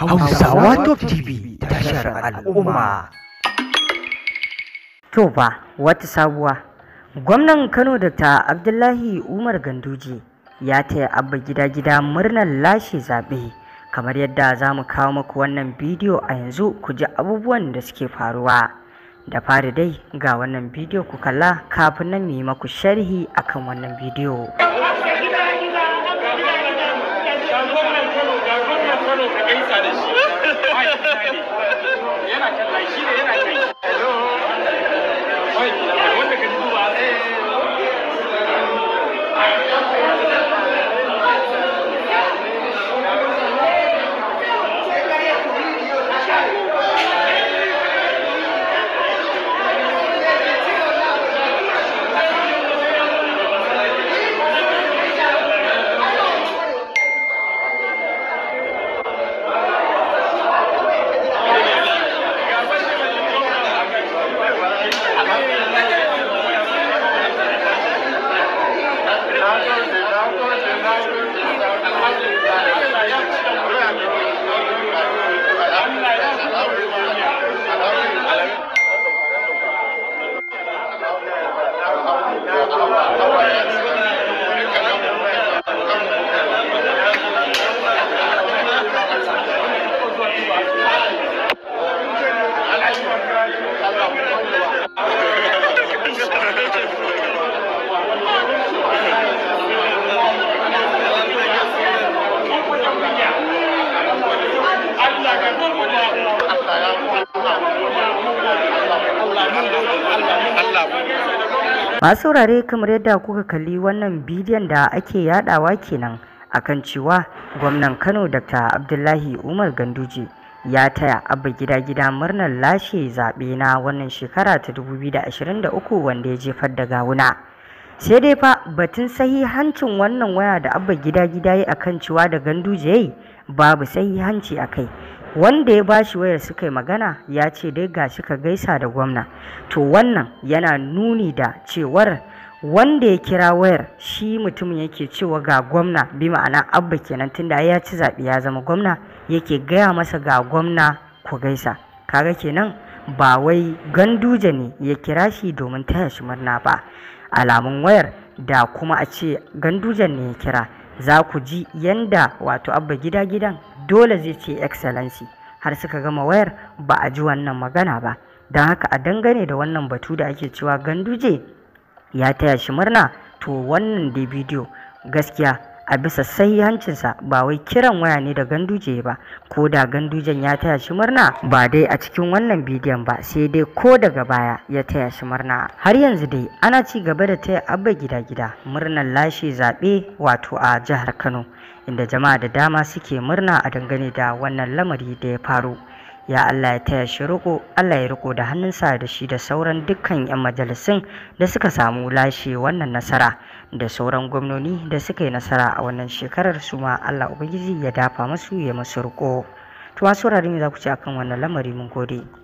Hausawa Top TV tashar al'umma. To ba wata sabuwa. Gwamnan Kano Dr. Abdullahi Umar Ganduji ya taya abba gida-gida murnar lashe zaɓe. Kamar yadda za mu kawo maku wannan bidiyo a yanzu ku ji abubuwan da suke faruwa. Da fari dai ga wannan bidiyo ku kalla kafin nan mu yi maku sharhi akan wannan bidiyo. Kano ka gaisa da shi. masu saurare kamar yadda kuka kalli wannan bidiyon da ake yadawa kenan a kan cewa gwamnan kano dr abdullahi umar ganduje ya taya abba gida gida murnar lashe zaɓe na wannan shekara ta 2023 wanda ya jefar da gawuna sai dai fa batun sahihancin wannan waya da abba gida gida ya akan cewa da ganduje yayi babu sahihanci a kai wanda ya bashi wayar suka yi magana ya ce dai shi ka gaisa da gwamna to wannan yana nuni da cewar wanda ya kira wayar shi mutumin yake cewa ga gwamna bi ma'ana abba kenan tunda ya ci zaɓi ya zama gwamna yake gaya masa ga gwamna ku gaisa kaga kenan ba wai ganduje ne ya kira shi domin taya shi murna ba alamun wayar da kuma a ce ganduje ne ya kira za ku ji yanda wato abba gida gidan dole zai ce excellency har suka gama wayar ba a ji wannan magana ba don haka a dangane da wannan batu da ake cewa ganduje ya taya shi murna to wannan da bidiyo gaskiya a bisa sai hancinsa ba wai kiran waya ne da ganduje ba ko da gandujen ya taya shi murna ba dai a cikin wannan bidiyon ba sai dai ko daga baya ya taya shi murna har yanzu dai ana ci gaba da taya abba gida gida murnar lashe zaɓe wato a jihar kano inda jama'a da dama suke murna a dangane da wannan lamari da ya faru ya Allah ya taya shi riko Allah ya riko da hannunsa da shi da sauran dukkan 'yan majalisun da suka samu lashe wannan nasara da sauran gwamnoni da suka yi nasara a wannan shekarar su ma Allah ubangiji ya dafa musu ya masu riko to masu za ku ci akan wannan lamari mun gode